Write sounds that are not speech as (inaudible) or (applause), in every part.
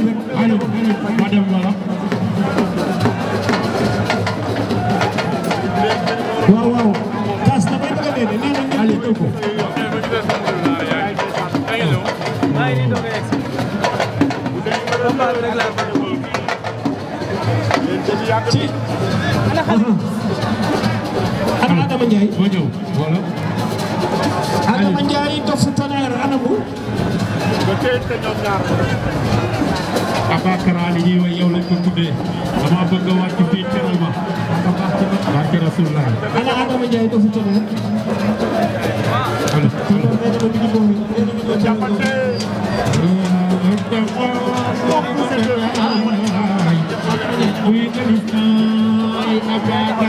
Aliou ma dem wala waaw waaw tas na bay bëgg a dee nee na Aliou ñëw ko ci ana Adama Ndiaye ma ñëw wala Adama Ndiaye dofu tonnerre anamu Abakara li ñuy way yow lañ ko tuddee a wàcc fii teral ma barke Rasulullah ana Adama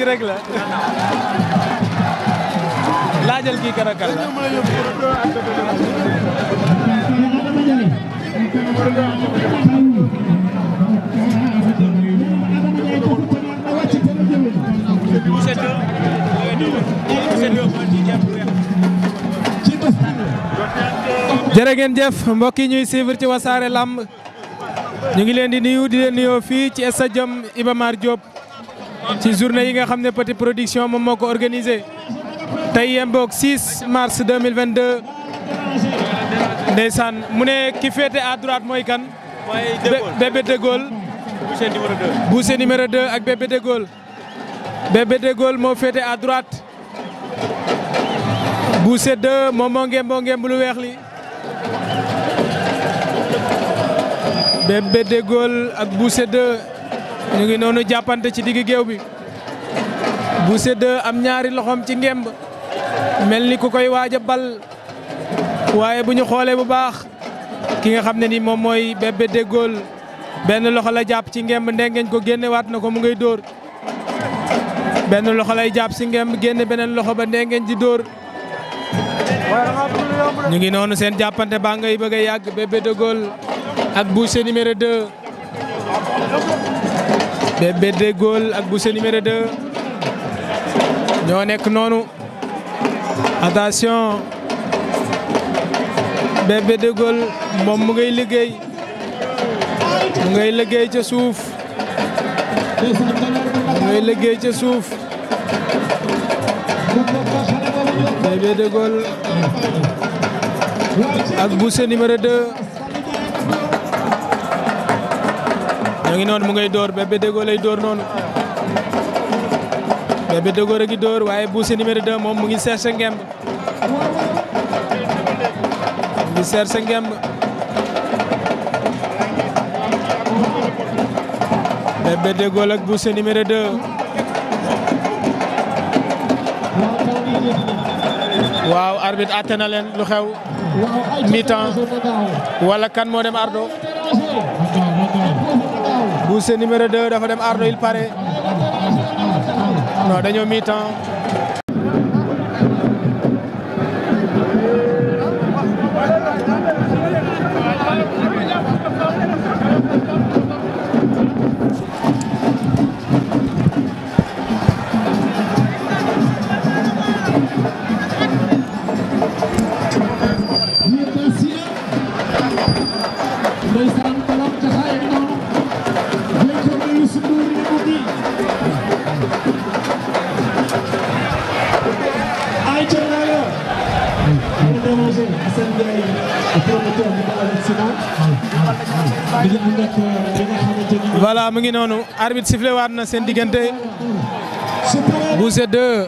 ci rek la. laajal kii kan ak mbokk yi ñuy suivre ci wasaare lamb ñu ngi leen di nuyu di leen fii ci stadium Iba Mar ci journée yi nga xam ne Petit Production moom moo ko organisé tey yemboog 6 mars 2022 ndeysaan mu ne ki féete à droite mooy kan Bébé De Gaulle Boucher numéro ak Bébé De Gaulle Bébé De Gaulle moo féete à droite Boucher 2 moom moo ngem boo lu weex li Bébé De Gaulle ak Boucher 2 ñu ngi noonu jàppante ci digg géew bi Boucher 2 am ñaari loxoom ci ngemb mel ni ku koy waaja bal waaye bu ñu xoolee bu baax ki nga xam ne ni moom mooy Bébé Dégol benn loxo la jàpp ci ngemb ndengeñ ko génnewaat na ko mu ngay dóor benn loxo lay jàpp si ngemb génne beneen loxo ba ndengeñ di dóor ñu ngi noonu seen jàppante baa ngay bëgg a yàgg Bébé Dégol ak Boucher numéro 2. bébé de Gaulle ak Boucher numéro 2 ñoo nekk noonu attention bébé de Gaulle moom mu ngay liggéey mu ngay liggéey ca suuf mu ngay liggéey ca suuf bébé ak Boucher numéro 2 ñoo ngi noonu mu ngay dóor Bébé Dégo lay dóor noonu Bébé Dégo rek di dóor waaye Boucher numéro 2 moom mu ngi cherché ngemb mu ngi cherché ngemb Bébé Dégo ak Boucher numéro 2 waaw arbitre àtte na leen lu xew mi wala kan moo dem ardo Boucher numéro 2 dafa dem Ardo il paraît non dañoo mi-temps voilà mu ngi noonu arbitre sifflé waat na seen diggante Boucher 2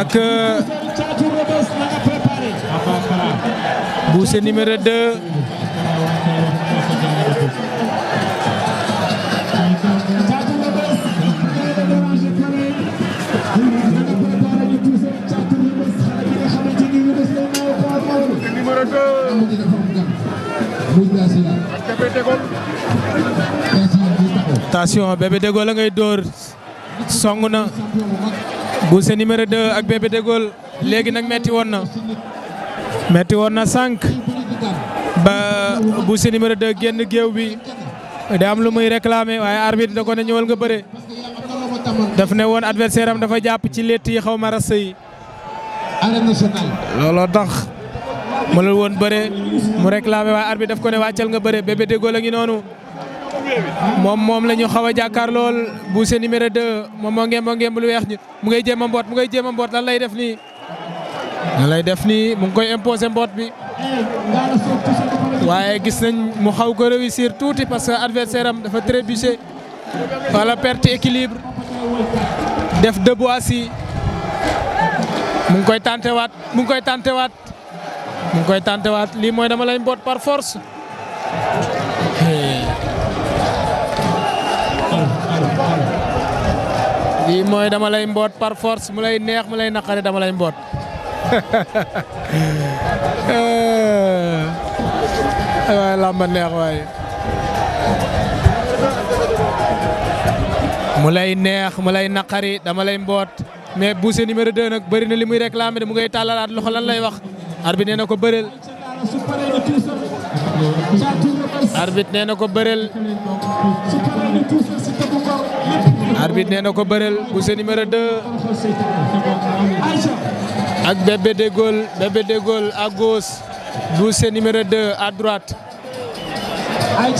ak euh, Boucher numéro 2 attention Bébé Dégol la ngay dóor song na Boucher numéro 2 ak Bébé léegi nag metti woon na metti woon na sànq ba Boucher numéro 2 génn géew bi da am lu muy réclamer waaye arbitre da ko ñëwal nga bëre daf ne woon adversaire dafa jàpp ci létt yi xaw ma rass yi looloo tax mënul woon bëre mu réclamer waaye arbitre daf ko ne nga bëre Bébé a ngi noonu moom moom la ñu xaw a jàkkaar lool Boucher numéro 2 moom moo ngeem moo ngeem lu weex ñu mu ngay jéem mboot mu ngay jéem a mboot lan lay def nii. lay def nii mu ngi koy imposé mboot bi waaye gis nañ mu xaw ko réussir tuuti parce que adversaire am dafa trébuché wala perte équilibre def debout mu ngi koy tantewaat mu ngi koy tantewaat mu ngi koy tantewaat lii mooy dama lay mboot par force. lii mooy dama lay mboot par force mu lay neex mu lay naqare dama lay mboot (laughs) waaye làmba lay neex mu lay naqari dama lay mboot mais Boucher numéro 2 nag bëri na li muy réclamé de mu ngay tàllalaat loxo lan lay wax arbitre nee na ko bëreel arbitre nee ko bëreel arbitre nee na ko bëreel Boucher numéro 2 ak Bébé Dégol Bébé Dégol à gauche Boucher numéro de à droite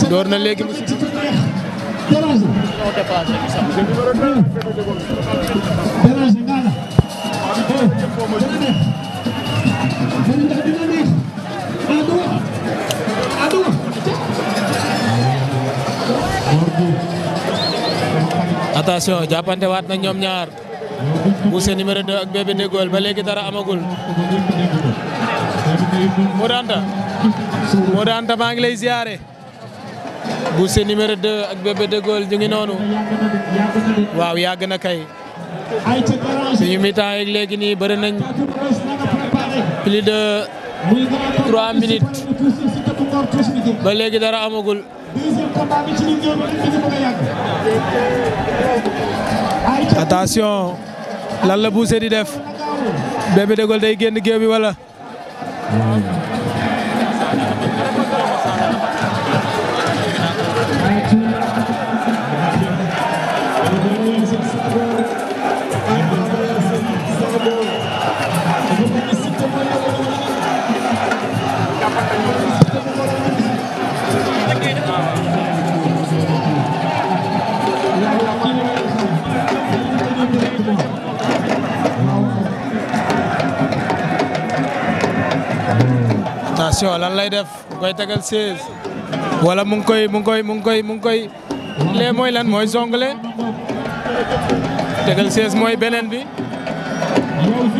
door na léegi Boucher attention jàppante waat na ñoom ñaar Boucher numéro 2 ak Bébé Dégaule ba léegi dara amagul Modou Anta Modou Anta maa ngi lay ziyaare Boucher numéro 2 ak Bébé Dégaule ñu ngi waaw yàgg na kay suñu mi-temps yeeg plus de 3 minutes ba léegi dara amagul deuxième combat bi attention lan la Boucher di def bi Dégolle day génn géew bi wala. Hmm. attention lan lay def mu koy tegal 16 wala mu koy mu ngi koy mu ngi koy mu ngi koy lee mooy lan mooy jongle tegal 16 mooy beneen bi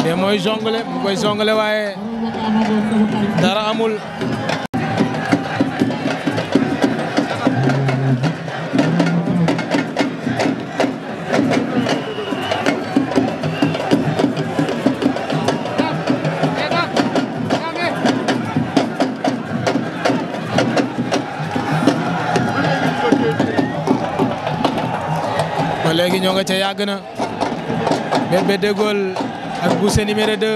lee mooy jongle mu koy jongle waaye dara amul. ñoo nga ca yàgg na Bébé Dégaule ak Boucher numéro 2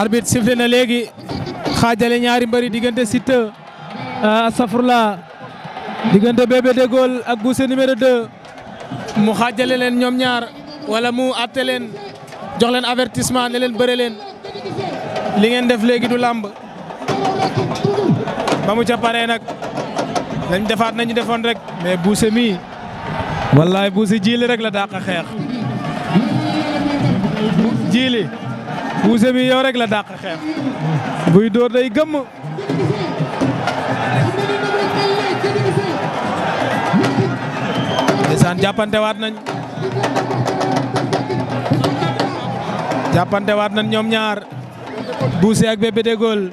arbitre sifflé na léegi xaajale ñaari mbari diggante Siteu euh, safurla diggante Bébé Dégol ak Goussé numéro 2 mu xaajale leen ñoom ñaar wala mu àtte leen jox leen avertissement ne leen bëre leen li ngeen def léegi du làmb ba mu ca nag dañ defaat nañu defoon rek mais Goussé mii wallaay Goussé jiili rek la dàq xeex jiili buuse mi yow rek la dàq xeex buy dóor day gëmm ndeysaan jàppante waat nañ jàppante waat ñoom ñaar buuse ak bébé dégol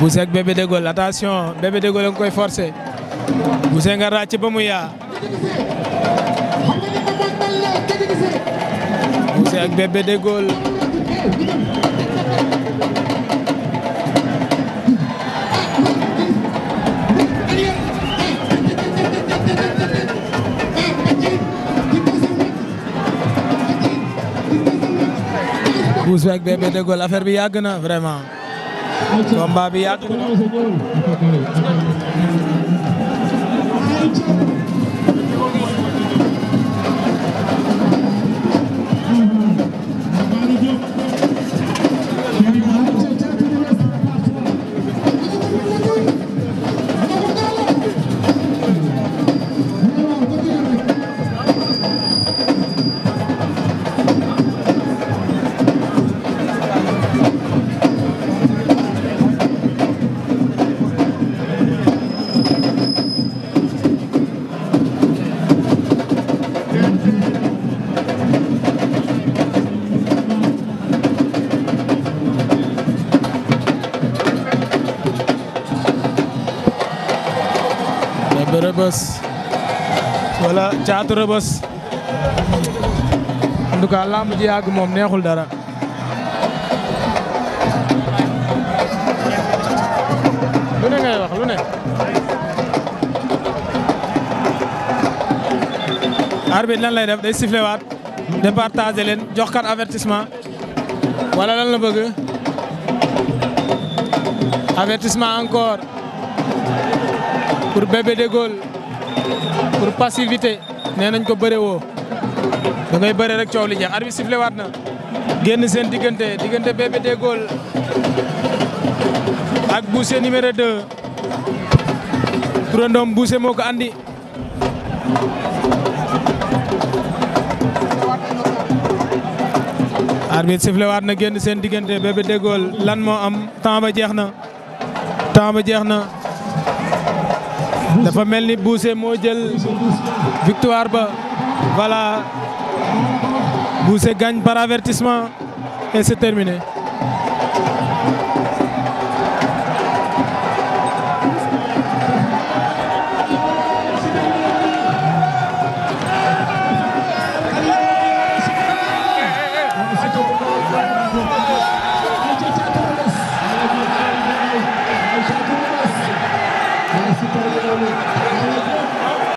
buuse ak bébé dégol attention nga koy forcé buuse nga ràcc ba mu yaa Cissé ak Bébé Dégol Bouss Bek Bébé Dégol affaire bi yàgg na vraiment combat bi yàgg na caatu rëbës en tout cas làmb ji moom neexul dara lu ne ngay wax lu ne lan lay def day sifflé waat leen jox kan avertissement wala lan la bëgg avertissement encore pour Bébé Dégaule pour passivité nee nañ ko bëre woo da ngay bëre rek coow li jeex arbitre sifflé waat na génn seen diggante diggante Bébé Dégaule ak Boucher numéro 2 turandoom Boucher moo ko andi arbitre sifflé waat na génn seen diggante Bébé Dégaule lan moo am temps ba jeex na temps ba jeex na dafa mel ni Bousse moo jël victoire ba voilà Bousse gagne par avertissement et c'est terminé